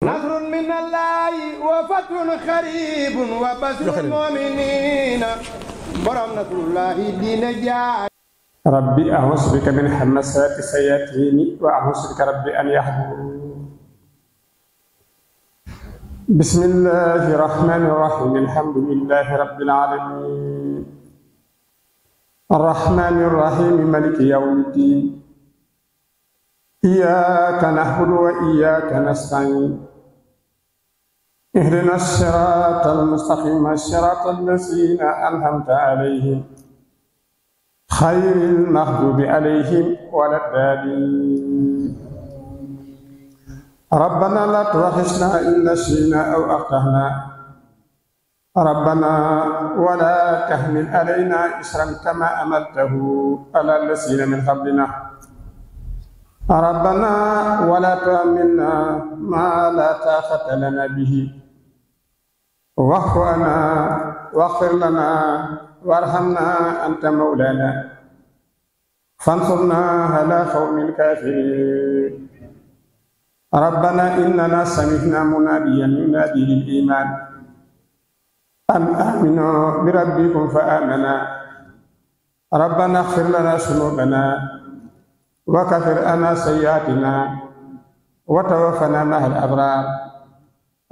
نصر من الله وفتح قريب وبشر المؤمنين برم نصر الله دين جاء ربي أعوذ بك من حمسات الشياطين وأعوذ بك ربي أن يحضرون بسم الله الرحمن الرحيم الحمد لله رب العالمين الرحمن الرحيم ملك يوم الدين إياك نعبد وإياك نستعين اهدنا الصراط المستقيم الصراط الذين أنعمت عليهم خير المغضوب عليهم ولا الضالين ربنا لا تؤاخذنا إن نسينا أو أخطأنا ربنا ولا تحمل علينا إسرا كما املته على الذين من قبلنا ربنا ولا تؤمنا ما لا طاقة لنا به واغفر لنا واغفر لنا وارحمنا أنت مولانا فانصرنا على قوم الكافرين ربنا إننا سمعنا مناديا ينادي للإيمان أن آمنوا بربكم فآمنا ربنا اغفر لنا ذنوبنا وكفر عنا سيئاتنا وتوفنا مع الأبرار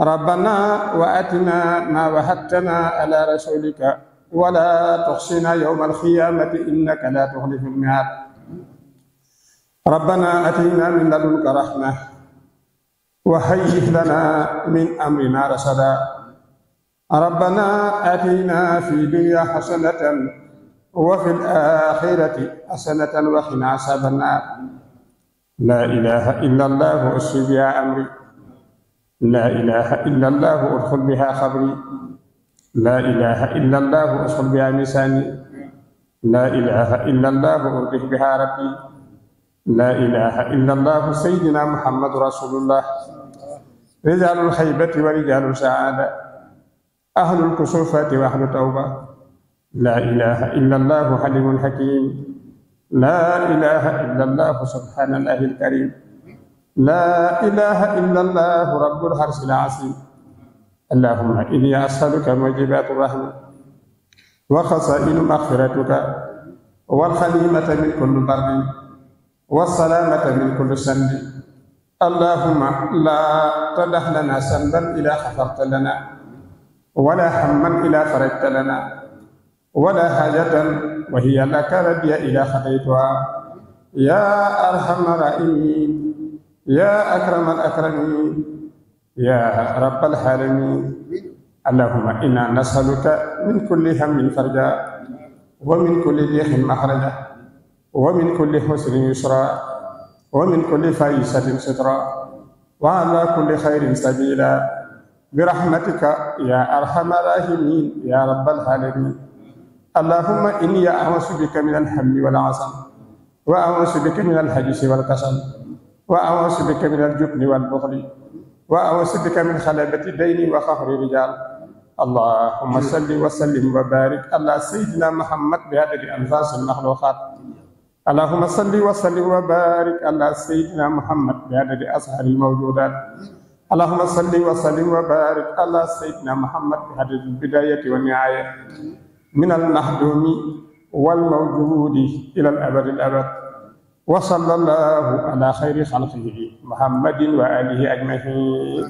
ربنا وأتنا ما وهبتنا على رسولك ولا تخصنا يوم القيامة إنك لا تخلف الميعاد ربنا اتنا من لدنك رحمة وهيئ لنا من أمرنا رشدا ربنا آتنا في الدنيا حسنة وفي الآخرة حسنة وقنا عذاب النار لا إله إلا الله أشهد يا أمري لا إله إلا الله أدخل بها خبري لا إله إلا الله أدخل بها لساني لا إله إلا الله أرضه بها ربي لا إله إلا الله سيدنا محمد رسول الله رجال الخيبة ورجال السعادة أهل الكسوفة وأهل التوبة لا إله إلا الله حليم حكيم لا إله إلا الله سبحان الله الكريم لا إله إلا الله رب العرش العظيم اللهم إني أسألك موجبات الرحمة وخصائل مغفرتك والخليمة من كل برد والسلامة من كل سند اللهم لا تدع لنا سندا إلى حفظت لنا ولا هما إلى فرجت لنا ولا حاجة وهي لك ردي إلى خطيتها يا أرحم الراحمين يا أكرم الأكرمين يا رب العالمين اللهم إنا نسألك من كل هم فرجا ومن كل ضيق مخرجا ومن كل حسن يسرا ومن كل فايسة سترا وعلى كل خير سبيلا برحمتك يا أرحم الراحمين يا رب العالمين اللهم إني أعوذ بك من الهم والعصم وأعوذ بك من الحجس والكسل وأعوذ بك من الجبن والبخل وأعوذ بك من خلابة الدين وخفر الرجال اللهم صل وسلم وبارك على سيدنا محمد بهذه أنفاس المخلوقات اللهم صل وسلم وبارك على سيدنا محمد بهذه الأزهار الموجودات اللهم صل وسلم وبارك على سيدنا محمد بهذه البداية والنهاية من المحدوم والموجود إلى الأبد الأبد وصلى الله على خير خلقه محمد وآله أجمعين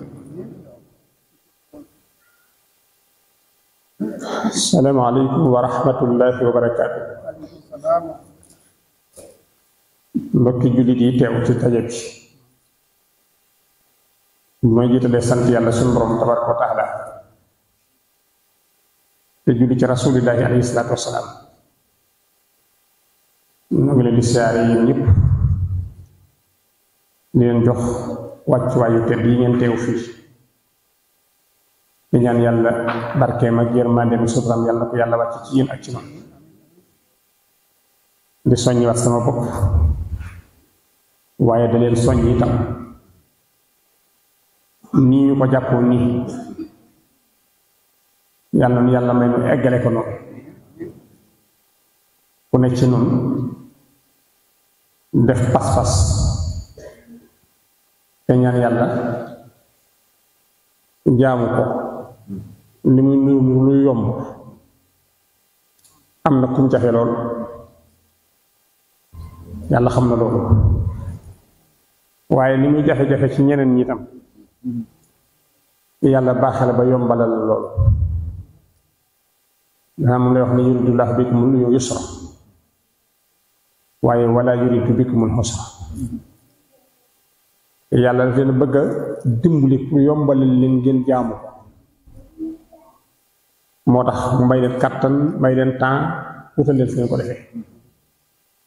السلام عليكم ورحمة الله وبركاته mbokki jullit yi teew ci taje bi mooy jiitale sant yàlla suñu borom tabaraka wa taala te julli ci rasulillahi alayhi salatu wasalaam mu ngi leen di siyaare yéen ñëpp di leen yi ngeen ñaan yàlla barkeem ak yërmandeem suturaam ak ci man di soññ sama bopp waaye da leen soññ itam nii ñu ko jàppoon nii yàlla may nu eggale ko noonu ku ne ci noonu def pas-pas te ñaan yàlla jaamu ko ni muy nuyu lu yomb am na kum jafe lool yàlla xam na loolu waaye li muy jafe-jafe ci ñeneen ñi tam yàlla baaxale ba yombalal loolu maanaam mu lay wax ni yuridullah bikum yusra waye wala yuridu bikumul xusra yàlla daf leen bëgg a dimbali pour yombal leen ngeen jaamu motax may len kattan may len temps wutal leen fi ñu ko defee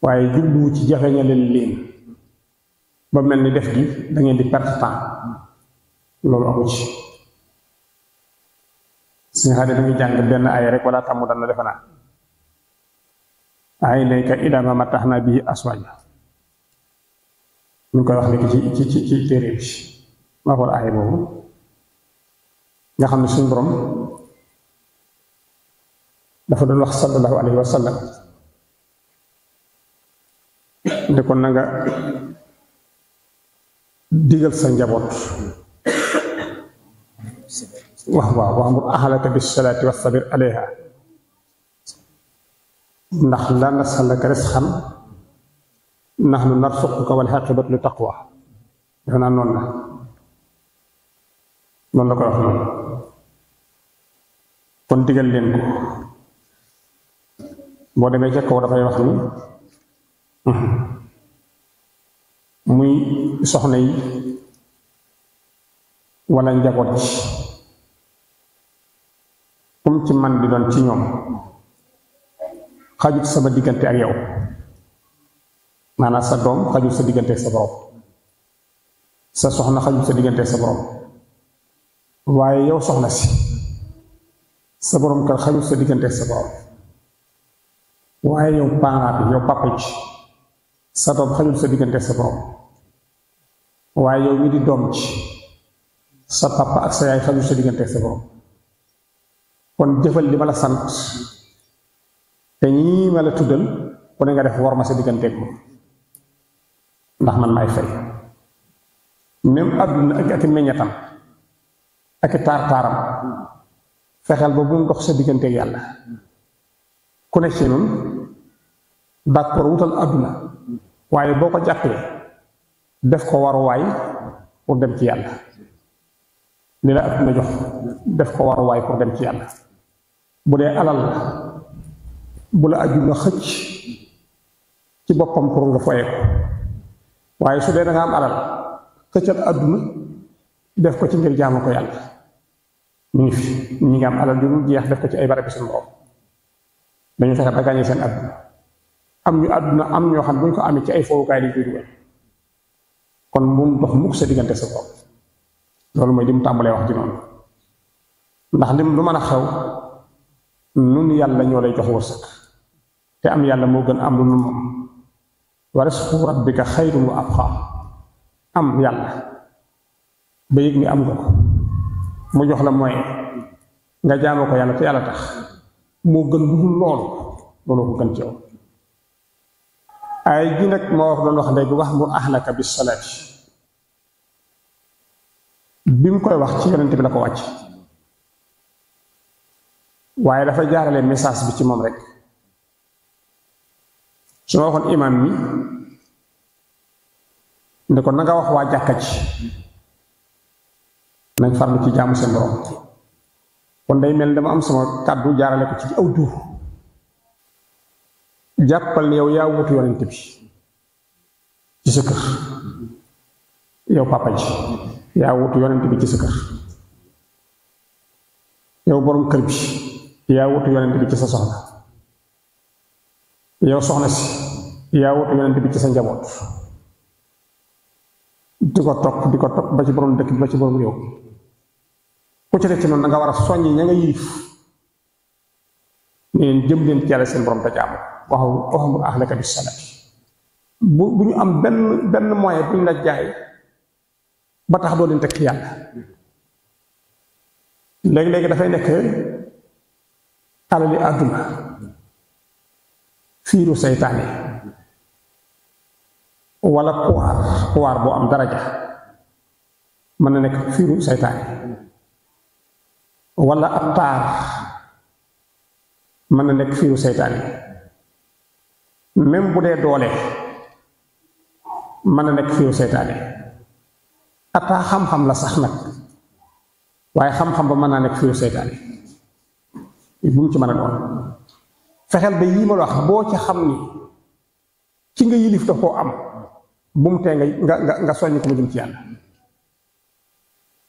waaye jubluwu ci len leen ba melni def gi da ngeen di perte temps lolu amu ci sen xarit dañu jang ben ay rek wala tamu dana la defana aynayka ilaa maa naa bihi azwaajan ñu koy wax léegi ci ci ci téere bi maa xool aay boobu nga xam ne suñ borom dafa doon wax sallallahu alayhi wa sallam ne ko digal sa njaboot wax waaw wax mur ahlaka bis salaati wastabir alayha ndax laa nas'aluka rizqan nahnu narzuquka wal aqibatu lit taqwa defe ko wax noonu kon digal leen ko kaw dafay wax ni uhm, muy soxna yi wala njaboot ci kum ci man di doon ci ñoom xajut sama diggante ak yow maanaa sa doom xajut sa diggante sa borom sa soxna xajut sa diggante ak waaye yow soxna si sa boroom kër xajut sa diggante ak sa borom waaye yow parent bi sa doom xajut waaye yow mi di doom ci sa papa ak sa yaay xajut sa diggante sa borom kon jëfal li ma la sant te ñii ma la tuddal ku ne nga def war ma sa digganteeg moom ndax man maay fay même àdduna ak ak meññatam ak taar taaram fexeel ba bu mu dox sa digganteeg yàlla ku ne ci nun d'accord wutal àdduna waaye boo ko jàppee def ko waruwaay pour dem ci yàlla li la àdduna jox def ko waay pour dem ci yàlla bu dee alal la bu la ajuma xëcc ci boppam pour nga foye ko waaye su dee da nga am alal xëccal àdduna def ko ci ngir jaamu ko yàlla mu ngi fi ñi nga am alal yu jeex def ko ci ay barab suñu borom dañu fexe ba gàññee seen àdduna am ñu àdduna am ñoo xam buñ ko amee ci ay fowukaay li koy dugal kon mu dox mukk sa diggante sa bopp loolu mooy dim mu tàmbalee wax ji noonu ndax lim lu mën a xew nun yàlla ñoo lay jox wërsëg te am yàlla moo gën am lu nu moom wa risqu rabbika xayrun wa abqa am yàlla ba yëg ni am nga ko mu jox la mooy nga jaamoo ko yàlla te yàlla tax moo gën lu dul loolu loolu ko gën ci yow ay ji nag moo wax doon wax léegi wax mu ahlaka bi salaati bi mu koy wax ci yonent bi la ko wàcc waaye dafa jaarale message bi ci moom rek su ma waxoon imaam mi ne ko na nga wax waa jàkka ci nañ farlu ci jaamu seen borom kon day mel ni dama am sama kàddu jaarale ko ci aw duur jàppal yow yaa wutu yonent bi ci sa yaa wutu yonent bi ci sa kër yow borom kër bi yaa wutu yonent bi ci sa soxna yow soxna si yaa wutu yonent bi ci sa njaboot di ko topp di ko topp ba ci borom dëkk bi ba ci borom réew ku ci nekk ci noonu da nga war a soññ ña nga yiif neen jëm leen ci yàlla seen borom te jaamu waxu waxu ahlaka bi salaati bu bu ñu am benn benn moyen bu ñu la jaay ba tax doo leen teg ci yàlla léegi-léegi dafay nekk alali àdduna fiiru seytaane wala pouvoir pouvoir boo am daraja mën na nekk fiiru seytaane wala ab taar na nekk fiiru seytaane même bu dee doole mën na nekk fiiru seytaane ataa xam-xam la sax nag waaye xam-xam ba mën naa nekk fiiru seytaane bu mu ci mën a doon fexeel ba yii ma wax boo ci xam ni ci nga yilif da koo am bu mu tee nga nga nga soññ ko mu jëm ci yàlla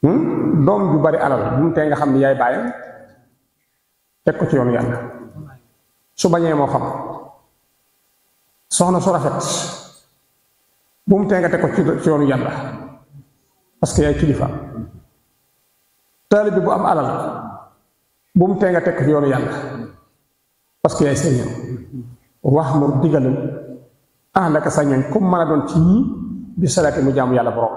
hmm? doom ju bari alal bu mu tee nga xam ni yaay bàyyam teg ko ci yoonu yàlla su bañee moo xam soxna su rafet bu mu tee nga teg ko ci yoonu yàlla parce que yaay kilifa taalibe bu am alal mu tee nga teg ko ci que yaay sëriñam wax mu digalal Anda sa sañ ñu kum mëna doon ci ñi bi salati mu jaamu yàlla borom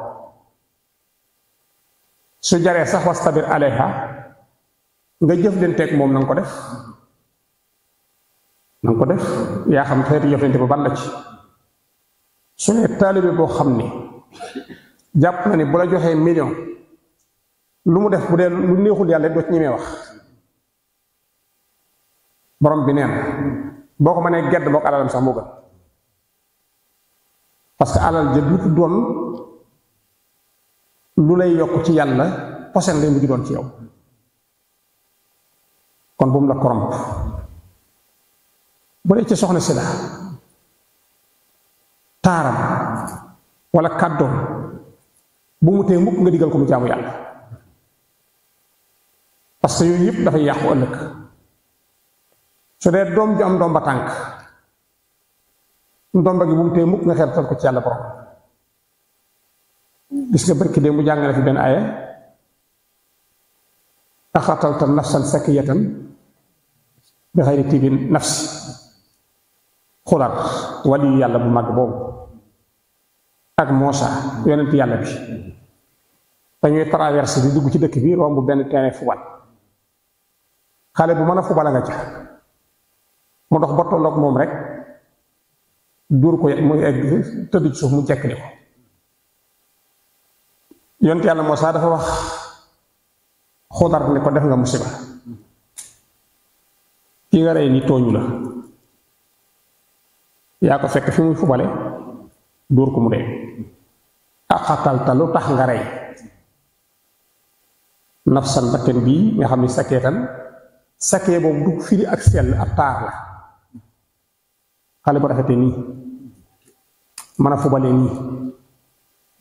su jare sax wastabir alayha nga jëflanteeg tek mom nang ko def nang ko def ya xam bu ban la ci su ne bo xamni japp na ni bu la million lu mu def bu dee lu neexul yalla do ci ñime wax borom bi neen boko mané gedd bok alalam sax mo gëll parce que alal ja du doon lu lay yokk ci yàlla posen lay mujj doon ci yow kon bu mu la koromp bu dee ci soxna si taaram wala kàddoom bu mu tee mukk nga digal ko mu jaamu yàlla parce que yooyu yëpp dafay yàqu ëllëg su dee doom ju am doom ba tànk ndomba gi bu mu tee mukk nga xeetal ko ci yàlla borom gis nga barki démb jàng na fi benn aye axatalta nafsan sakiyatan bi xayri tibin nafsi xulaat wali yàlla bu mag boobu ak moosa yonent yàlla bi dañuy traverser di dugg ci dëkk bi romb benn teene fubal xale bu mën a fubal nga ca mu dox ba tolloog moom rek dur ko mu egg tëdd ci suuf mu jekk ni ko yonte mo Musaa dafa wax khodar ni ko def nga musiba ki nga rey ni toñu la ya ko fekk fi muy fubale dur ko mu ta lu tax nga rey nafsan bakken bi nga xamni saketan saké bobu du firi ak sel ak tar la xale bu rafete ni mana a fubale nii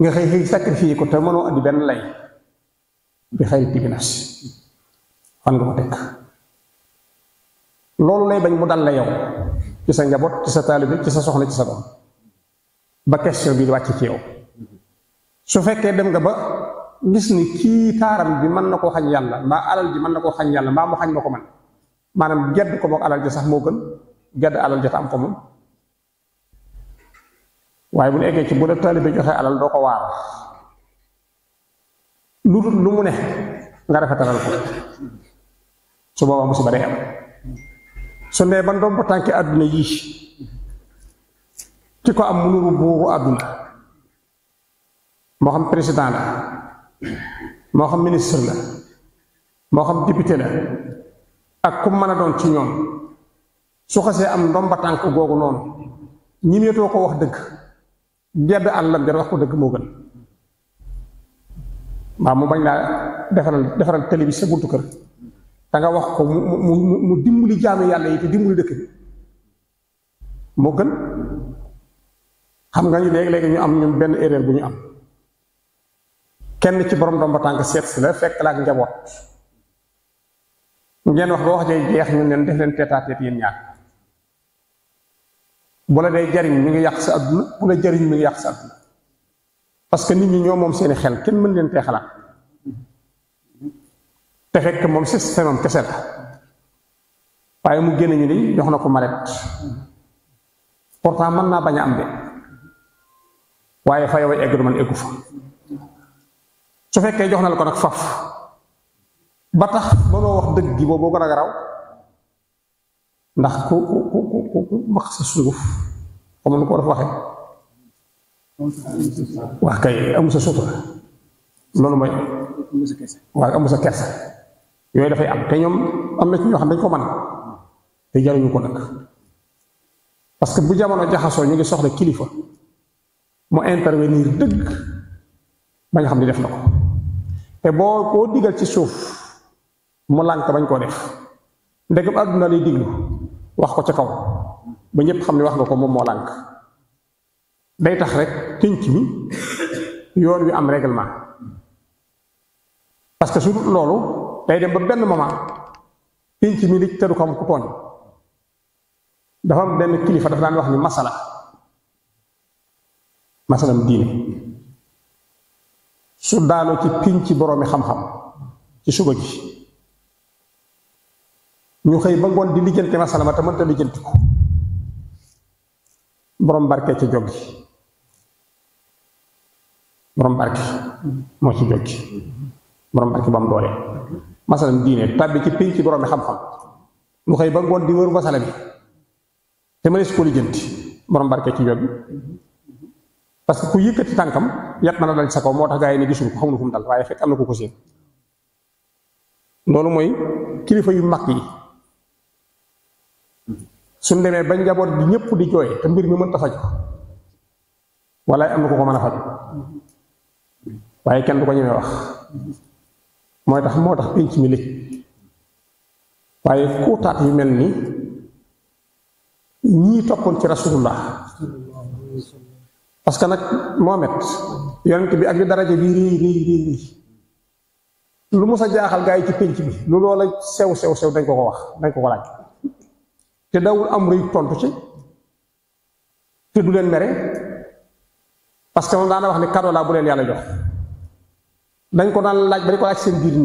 nga xey xey sacrifier ko té mëno andi ben lay bi xëy tibinas fan nga ko tek loolu lay bañ mu dal la yow ci sa njabot ci sa talib ci sa soxna ci sa doom ba question bi wacc ci yow su fekke dem nga ba gis ni ki taram bi man nako xagn yalla yàlla alal ji man nako xagn yalla yàlla mu xagn ma man manam gedd ko mook alal ji sax mo gën gedd alal ji ta am ko mom waaye bu ñu eggee ci bu la taalibe joxe alal doo ko waar lu lu mu ne nga rafetalal ko su boobaa musiba day am su nee ban doom ba tànki àdduna yii ki ko am mu nuru buuru àdduna moo xam président la moo xam ministre la moo xam député la ak ku mën a doon ci ñoom su xasee am ndomba tànk googu noonu ñimeetoo ko wax dëgg gedd àll la jar wax ko dëgg moo gën maam mu bañ laa defaral defaral télé bi sa buntu kër da wax ko mu mu mu dimbali jaami yàlla yi te dimbali dëkk moo gën xam nga ñu léegi-léegi ñu am ñun benn erreur bu ñu am kenn ci borom domba tànk seet si la fekk laa ak njaboot ngeen wax ba wax jay jeex ñun leen def leen teetaateet yéen ñaar bu la dee jariñ mi ngi yàq sa àdduna bu la jariñ mi ngi yàq sa àdduna parce que nit ñi ñoo moom seeni xel kenn mën leen tee xalaat te fekk moom système am kese la waaye mu génn ñu ni jox na ko maret pourtant mën naa bañ a am de waaye fa yow egg du man eggu fa su fekkee jox na la ko nag faf ba tax ba doo wax dëgg gi boobu boo gën a garaw ndax ku ku ku ku wax sa suuf xamul lu ko war a waxee wax kay amul sa sutura loolu mooy waaye amul sa kersa yooyu dafay am te ñoom am na ci ñoo xam dañ ko mën te jaruñu ko nag parce que bu jamono jaxasoo ñu ngi soxla kilifa mu intervenir dëgg ba nga xam ni def na ko te boo koo digal ci suuf mu lànk bañ koo def ndegam àdduna lay diglu wax ko ca kaw ba ñëpp xam ne wax nga ko moom moo lànk day tax rek pénc mi yoon wi am règlement parce que su loolu day dem ba benn moment pénc mi li teru ko am ku tooñ dafa benn kilifa dafa daan wax ni masala masalam diine su daanoo ci pénc boroomi xam-xam ci suba ji ñu xëy ba ngoon di lijjanti masala ma te mënta lijjanti ko borom barke ci jóg gi borom barke moo ci jóg borom barke ba mu doole masalam diine tàbbi ci pénc borom bi xam-xam ñu xëy ba ngoon di wëru masala bi te ma su ko lijjanti borom barke ci jóg gi que ku yëkkati tànkam yat mën a dal ci sa kaw moo tax gaa yi ne gisul ko xamul fu mu dal waaye fekk am na ko ko seen loolu mooy kilifa yu mag yi suñ demé bañ nyepu bi ñepp di koye, te mbir mi ta faj wala am ko ko mëna a faj waaye kenn du ko wax moy tax mo tax pinch mi waye ku taat yu melni ni topon ci rasulullah parce que nak momet yonent bi ak li daraja bi ri ri ri lu musa jaaxal gaay ci pinch bi lu sew sew sew dañ ko ko wax dañ ko ko laaj te dawul am rëy tontu ci te du leen mere parce que daa daana wax ni cadeau laa bu leen yàlla jox dañ ko daan laaj ba di ko laaj seen biir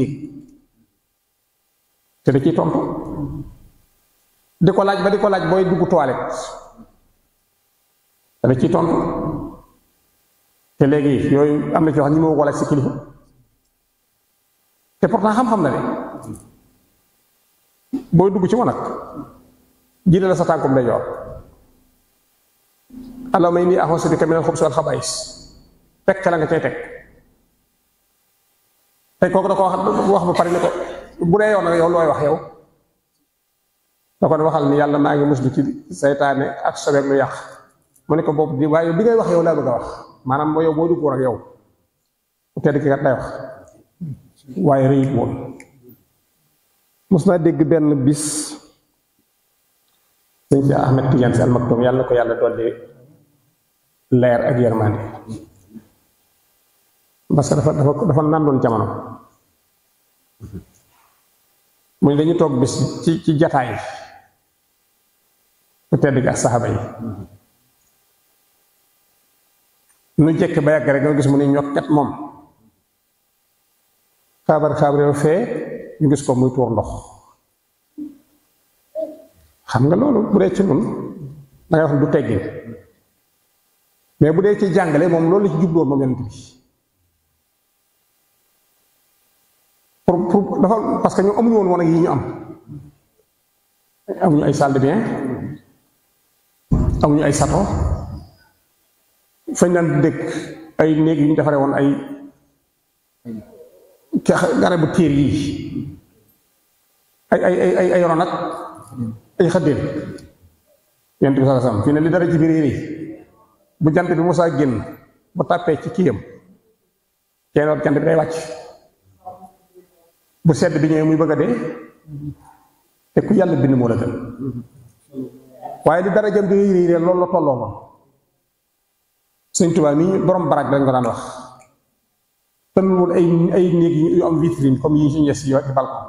te da ciy tontu ko laaj ba di ko laaj booy dugg toilette te da ciy tontu te léegi yooyu am na ci wax ñi ma ko laaj si kilifa te pourtant xam-xam na ne booy dugg ci wanag jiite la sa tànkum dañoor allahumma inni a'uuzu bika minal xubusi wal xabaa'is fekk la nga cay teg te kooku da ko wax ba pare ne ko bu dee yoon nag yow looy wax yow da ko waxal ni yàlla maa ngi muslu ci seytaane ak sobeek lu yàq ne ko boobu di waaye bi ngay wax yow laa a wax maanaam mooy yow boo dugg ak yow te di ki kat day wax waaye rëyit moom mos naa dégg benn bis sëñ si Ahmed Tidiane sal maktoum yalla ko yalla dolli leer ak yermane parce que dafa dafa dafa jamono muy dañu tok bis ci ci jotaay ko tedd ga sahaba yi nu jekk ba yàgg rek nga gis mu ñok kat mom xabar xabar yo fe ñu gis ko muy tour ndox xam nga loolu bu dee ci nun da ngay wax du teggin mais bu dee ci jàngale moom loolu la ci jubloon moom yonent bi pour pour dafa parce que ñoom amuñu woon woon ak yi ñu am amuñu ay salle de amuñu ay sato fañ daan dëkk ay néeg yu ñu defaree woon ay bu téer yi ay ay ay ay ron ay xëddeen yonent bi sallallahu alayhi wasallam fi ne li dara ci biir yére bu jant bi musaa génn bu tàppee ci kiyam keroog jant bi day wàcc bu sedd bi ñëwee muy bëgg a dee te ku yàlla bind moo la gën waaye li dara jëm di yére yére loolu la tolloo moom sëñ Tuubaa mii borom baraag dañ ko daan wax ay ay néeg yu am vitrine comme yi ñu yi balcon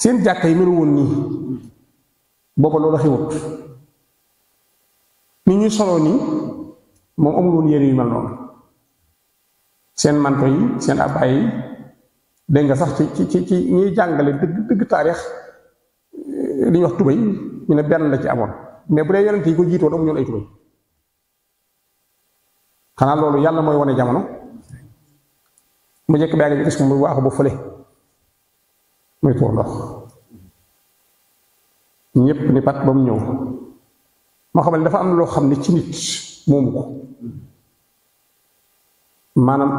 seen jàkka mel melu woon nii booba loolu xewut ni ñu soloo nii moom amul woon yére yu mel noonu seen manto yi seen abbaay yi dégg nga sax ci ci ci ñuy jàngale dëgg dëgg taarix li ñuy wax tubay ñu ne benn la ci amoon mais bu dee yonent yi ko jiitoon amuñu ay tubay xanaa loolu yàlla mooy wane jamono mu jekk baa ngi gis ko mu waaxu ba fële muy tuur ndox ñépp ni pat ba mu ñëw ma xamal dafa am na loo xam ne ci nit moomu ko maanaam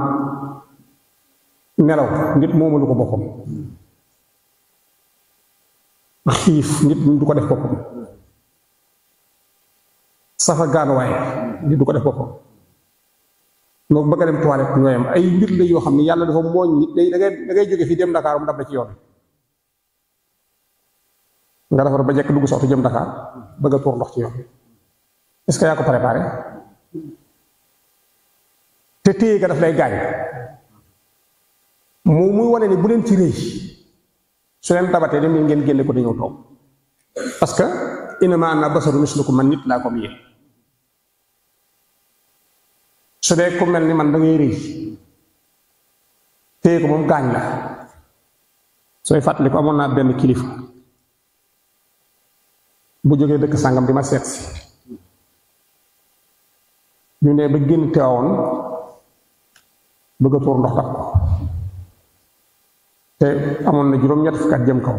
nelaw nit moomalu ko boppam xiif nit du ko def boppam safa gaanuwaay nit du ko def boppam moo bëgg a dem toilette ñooyam ay mbir la yoo xam ne yàlla dafa mooñ nit day da jóge fii dem Dakar mu la ci yoon nga defar ba jek dugg sax oto jëm Dakar bëgg tour tuur ndox ci yoon est ce que yaa ko préparé té té ga daf lay gañ mu muy wone ni bu len ci reuy su len tabaté dem ngeen génne ko dañu tok parce que inama ana basaru mislukum man nit la ko yéen su dee ko melni man da ngay reuy té ko mom gañ la soy fatali ko amona ben kilifa bu joge dekk sangam di ma seet ñu ne ba génn teewoon bëgg tour ndox takk te amon na juróom-ñett fukk jëm kaw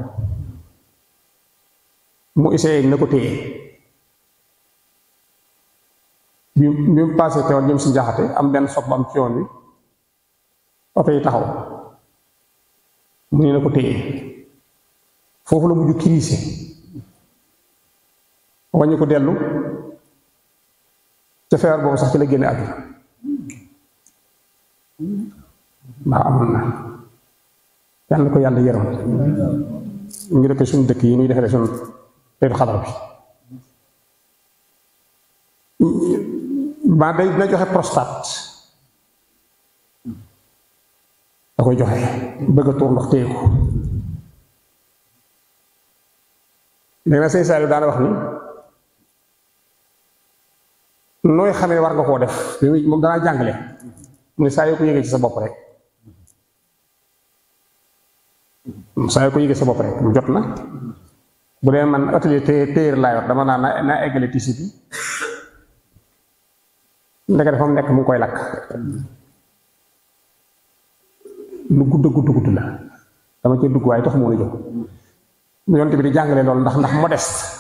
mu essayé na ko téye bi bi mu paasee teewoon jëm si jaxate am benn sob am ci yoon wi oto yi taxaw mu ne na ko téye foofu la mujj crise wañu ko dellu ca feer boobu sax ci la génne àdduna waaw amoon na yàlla ko yàlla yërëm ñu dëkk suñu dëkk yi ñuy defaree suñu teetu xadar bi maa day dina joxe prostate da koy joxe bëgg a tuur ndox téye ko léegi nag sëñ Saliou daana wax ni nooy xamee war nga koo def moom danaa jàngale mu ne saa yoo ko yëgee ci sa bopp rek saa yoo ko sa bopp mu jot na bu dee man atelier téye téyeer laa yor dama naa naa eggale tissu bi ndeke dafa mu nekk mu ngi koy lakk lu gudd gudd gudd la dama cee dugg waaye tax moo la jóg yonte bi di jàngale loolu ndax ndax modeste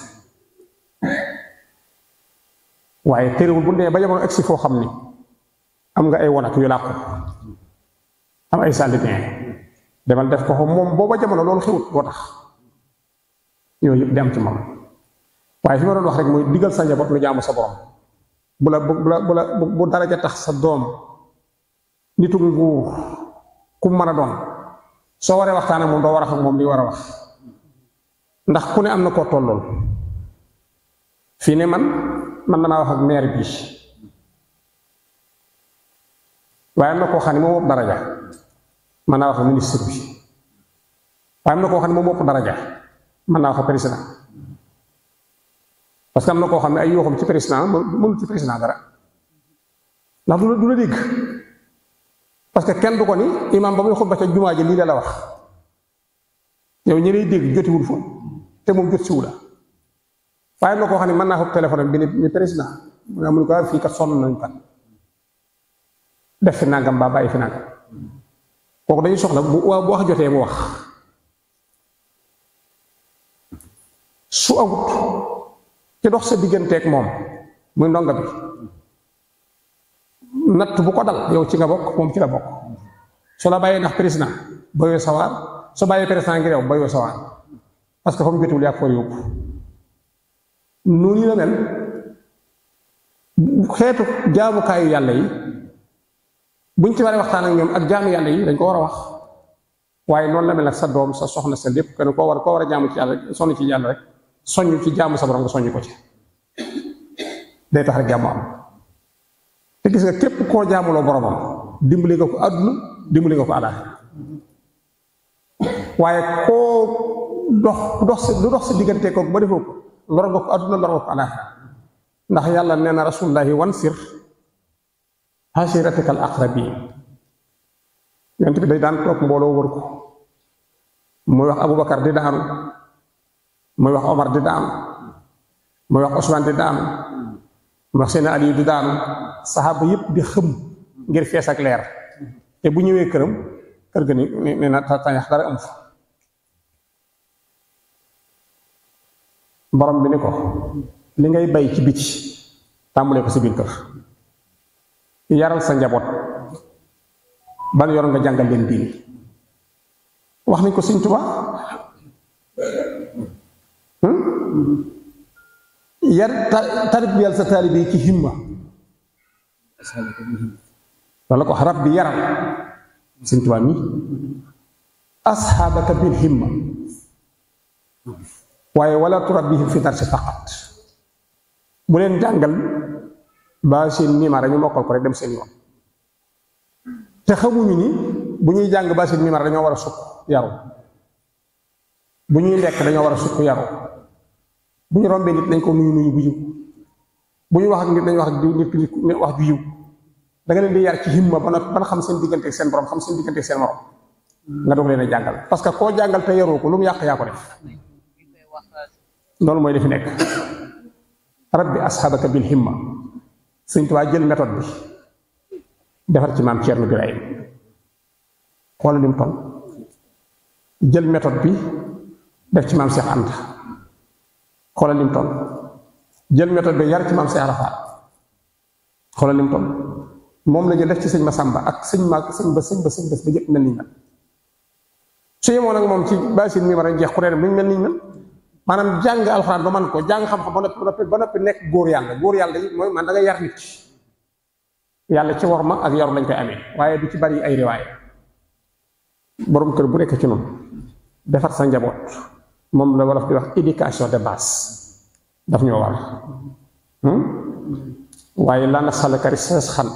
waaye terewul bu dee ba jamono egsi foo xam am nga ay wanag yu làqu am ay salle de bien demal def ko moom booba jamono loolu xewut boo tax yooyu yëpp di ci moom waaye fi ma doon wax rek mooy digal sa njaboot lu jaamu sa borom bu la bu la bu la bu ja tax sa doom nitu nguur ku mën a doon soo waree waxtaan ak moom doo war a xam moom li war a wax ndax ku ne am na koo tollool fii ne man man na maa wax ak maire bi waaye am na koo xam ne moom ëpp daraja mën naa wax ak ministre bi waaye am na koo xam ne moom moom daraja mën naa wax ak président parce que am na koo xam ne ay yoo xam ci président mënul ci président dara ndax du la du la dégg parce que kenn du ko ni imaam ba muy xutba ca jumaa ji lii la la wax yow ñeneen dégg jotiwul fa te moom jot siwu la waye am na kan man na ko telephone bi ni président mu ne amul ko fi ka son nañu kan def fi nangam ba bàyyi fi nangam kooku dañu soxla bu wax jotee mu wax su awut ci dox sa ak mom muy ndonga bi nat bu ko dal yow ci nga bok mom ci la bok su la baye nak sawar su baye ngi rew sawar parce que fam ko noonu la mel xeetu jaamukaayu yàlla yi buñ ci waree waxtaan ak ak jaamu yàlla yi dañ ko war a wax waaye noonu la mel nag sa doom sa soxna sa lépp kenn koo war koo war a jaamu ci yàlla rek sonn ci yàlla rek soññ ci jaamu sa borom nga soññ ko ci day tax rek jaamu am te gis nga képp koo jaamuloo boromam dimbali nga ko àdduna dimbali nga ko alaax waaye koo dox dox si lu dox si diggante ba defoo ko lor nga ko adduna lor nga ko alaxira ndax yàlla nee na rasulullahi wansir hashiratika al aqrabin yonent bi day daan toog mbooloo wër ko muy wax abubakar di daanu muy wax omar di daanu muy wax osman di daanu muy wax seen ali di daanu saxaaba yépp di xëm ngir fees ak leer te bu ñëwee këram kër ga ni nee na tañax dara amu fa borom bi ni ko li ngay bay ci biti tambule ko ci bir kër yaral sa njabot ban yor nga jangal len diin wax ni ko sëñ tuba hmm? yar tarbiyal sa talibi yi ci himma wala ko bi yaral tuba mi ashabaka bil himma waye wala turabbihim fi darsi faqat bu len jàngal ba seen mimaara ñu mokal ko rek dem seen yoon te xamuñu ni bu ñuy jang ba seen mimaara dañoo war a sukk yaru bu ñuy lek dañu wara sukk yaru bu ñu rombe nit dañ ko nuyu nuyu bu yiw bu ñu wax nit dañ wax ak nit wax ju yu da nga leen di yar ci himma ba noppi ban xam seen diggante seen borom xam seen diggante seen morom nga doog leen a jàngal parce que ko jangal te yaroo ko lu mu yàq ya ko def loolu mooy li fi nekk rabbi asxaabaka bil himma sëñ Tuubaa jël méthode bi defar ci maam Cerno Birahim xool ni mu jël méthode bi def ci maam Seex Anta xoolal ni bi yar ci maam Seex Arafaat xoolal ni mu toll moom la ñu def ci sëñ Masamba ak sëñ Maag sëñ ba sëñ ba sëñ ba ba jëpp mel niñ mel su yemoon ak moom ci baasin mi war a jeex ku ne buñ mel niñ mel manam jang alcorane do man ko jang xam-xam bonop bonop bonop nek gor yalla gor yalla moy man da nga yar nit yalla ci worma ak yaru lañ koy amé waye du ci bari ay riwaay borom keur bu nek ci non defat sa njabot mom la wolof di wax éducation de base daf ñoo war hmm? waaye laa na xale kari xal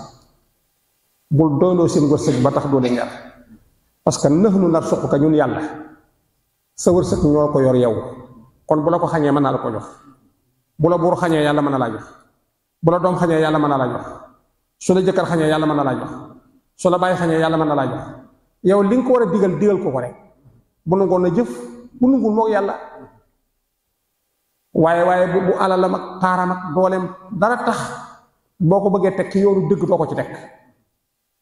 bu doono sim go wërsëg ba tax do le ñaar parce que nahnu nu ñun yalla sa wërsëg ñoko yor yow kon bu la ko xañee mën naa la ko jox bu la buur xañee yàlla mën na laa jox bu la doom xañee yàlla mën na laa jox su la jëkkër xañee yàlla mën na laa jox la bàyyi xañee yàlla mën na laa jox yow li nga ko war a diggal digal ko ko rek bu nangoon na jëf bu nangul moog yàlla waaye waaye bu alalam mag taaram ak dooleem dara tax boo ko bëggee teg ci yoonu dëgg doo ko ci teg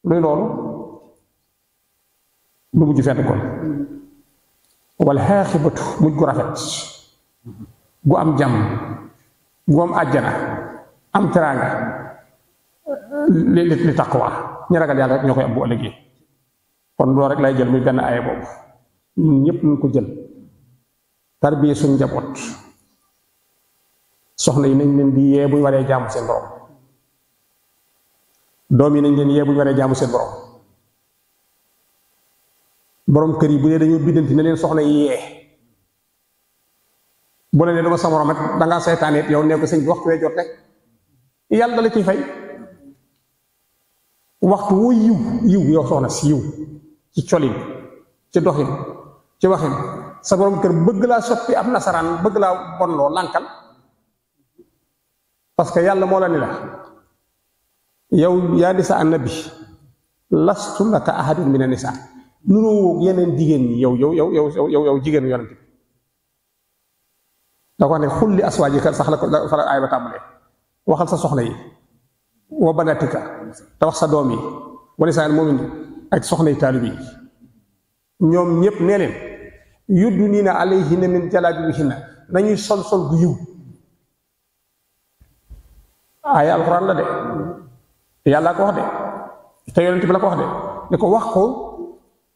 luy loolu lu mujj fenn kon wal xaaxibatu mujj gu rafet gu am jam gu am àjjana am teranga li li li taqwa ñi ragal yalla rek ñokoy am bu ëllëgee kon loolu rek lay jël muy ben ay boobu ñepp ñu ko jël tarbiye sun jabot soxna yi nañ leen di yé bu waré jamm seen borom doomi nañ leen yé bu waré jamm seen borom borom kër yi bu dee dañoo na leen soxna yi yee eh. bu la nee duma sa morom rek da ngaa seytaane yow nee ko sëñ bi waxtu wee jot rek yàlla dala ciy fay waxtu woo yiw yiw yow soxna si yiw ci colin ci doxin ci waxin sa kër bëgg laa soppi ab nasaraan bëgg laa bonloo lànkal parce que yàlla moo la ne la yow yaa di sa annabi lastu laka ahadun mina nisa nunoo woog yeneen jigéen ñi yow yow yow yow yow yow jigéenu yonent bi da ko ne xulli aswaajika sax la ko fa la aay ba tàmbalee waxal sa soxna yi wa banatika te wax sa doom yi wala saa moomin ak soxna yi ñoom ñépp nee leen nii na alayhinna min jalaabibihinna nañuy sol sol gu yiw aaya alxuraan la de yàllaa ko wax de te yonent bi la ko wax de ne ko wax ko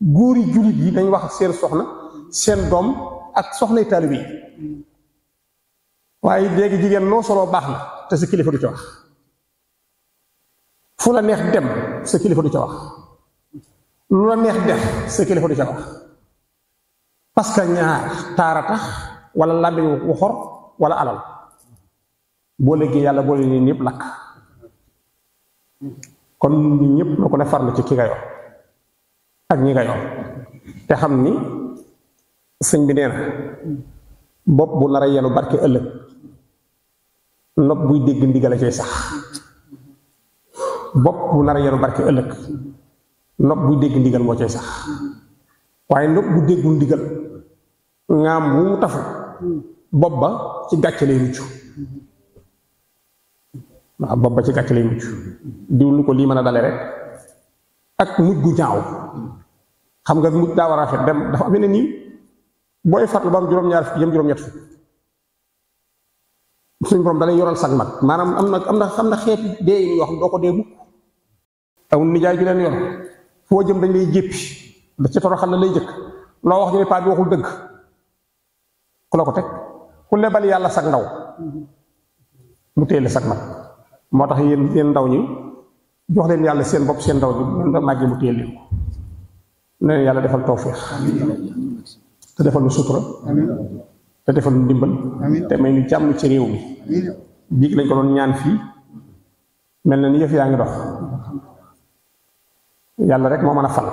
góori jullit yi nañ wax ak seen soxna seen doom ak soxna yi taalib yi waye léegi jigen no solo baxna te sa kilifa du ci wax fu la neex dem sa kilifa du ci wax lu la neex def sa kilifa du ci wax parce que ñaar tara tax wala lambi wu xor wala alal bo legi yalla bo leen ñep lak kon ñi ñëpp na farlu ci ki nga yor ak ñi nga yor te xamni ni bi neena bop bu nara yelu barke ëllëg lob buy deg ndigal a sax bop bu nar a yoru barke ëllëg nopp buy deg ndigal mo cay sax waaye nopp bu déggul ndigal ngam bu mu tafu bop ba ci gatch lay muccu ma bop ba ci gatch lay muccu diw lu ko li mën dalé dale rek ak mujj gu ñaaw xam nga mujj da wara a rafet dem dafa am yeneen boy fatlu bam ba ñaar fi jëm juróom ñet suñ borom dalay yoral sag mag maanaam am na am na xam na xeeti dee yi yoo xam doo ko dee mukk aw nijaay ju leen foo jëm dañ lay jéppi da ci xam la lay jëkk loo wax ñu ne paa bi waxul dëgg ku la ko teg ku lebal yàlla sag ndaw mu téele sag mag moo tax yéen yéen ndaw ñi jox leen yàlla seen bopp seen ndaw ñi nga màggee mu ko ne leen yàlla defal tawféex te defal lu sutura te defal nu ndimbal te may nu jàmm ci réew mi biig lañ ko doon ñaan fii mel na ya ya ni yëf yaa ngi dox yàlla rek moo mën a fal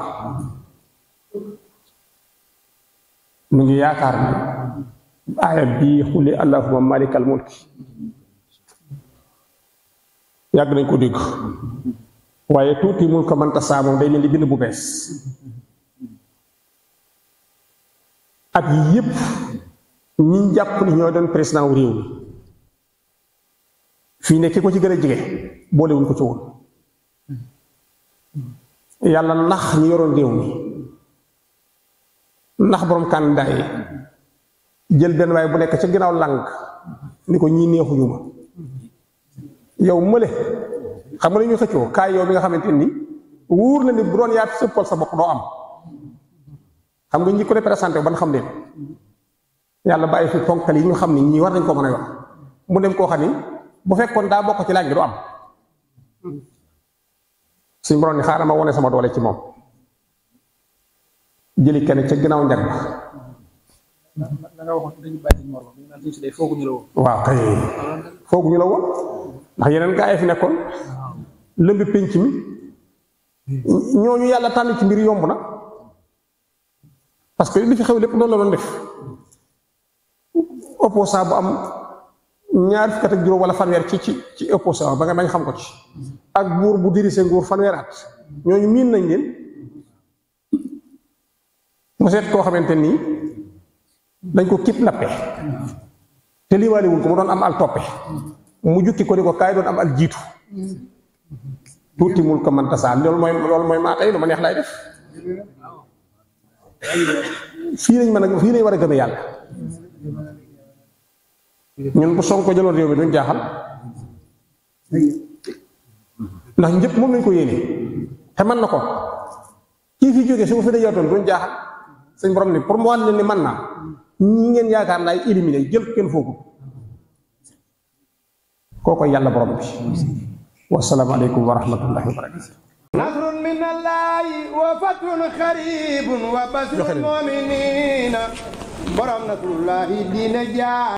mu ngi yaakaar ni aaya bii xuli allahuma malikal mulk yàgg nañ ko dégg waaye tuuti mulka man ta moom day mel ni bind bu bees ak yi ñi japp ni ñoo dem président wu réew mi fii ne ki ko ci gëna jige boole wuñ ko ci woon yàlla nax ñu yoroon réew mi nax borom candidat yi jël benn waaye bu nekk ca ginnaaw làng ni ko ñii neexuñu ma yow mële xam nga dañuy xëccoo kaay yow bi nga xamante ni wóor na ni bu doon yaa sëppal sa bopp doo am xam nga ñi ko représenté ban xam leen yàlla bàyyi fi ponkal yi ñu xam ni ñii war nañ ko mën a yor mu dem koo xam ni bu fekkoon daa bokk ci laaj bi du am suñ borom ni xaaral ma wone sama doole ci moom jëli kenn ca ginnaaw njag ba waaw kay foogu ñu la woon ndax yeneen gaa yi fi nekkoon lëmbi pénc mi ñooñu yàlla tànn ci mbir yomb na parce que li fi xew lépp loolu la doon def opposant bu am ñaar fukk ak juro wala fanwer ci ci ci opposant ba nga bañ xam ko ci ak buur bu dirise nguur fanwerat ñoo ñu min nañ leen dañ ko té li walé wul ko mo doon am al toppe mu jukki ko diko kay kaay doon am al jitu tuuti mul ko man tassal lol moy lol moy ma tay luma neex lay def fi lañ man fi lay wara gëna yalla ñun bu sonko jëloon réew bi duñ jaaxal ndax ñëpp moom lañ ko yéene te man na ko kii fi jógee su ma fi dajatoon duñ jaaxal suñ borom ni pour mu wàll ni man na ñi ngeen yaakaar naa éliminer jël kenn foku koko yalla borom bi wa salaamu alaykum wa rahmatullahi wa barakatuh نصر من الله وفتح خريب وبشر المؤمنين برم نصر الله دين جاء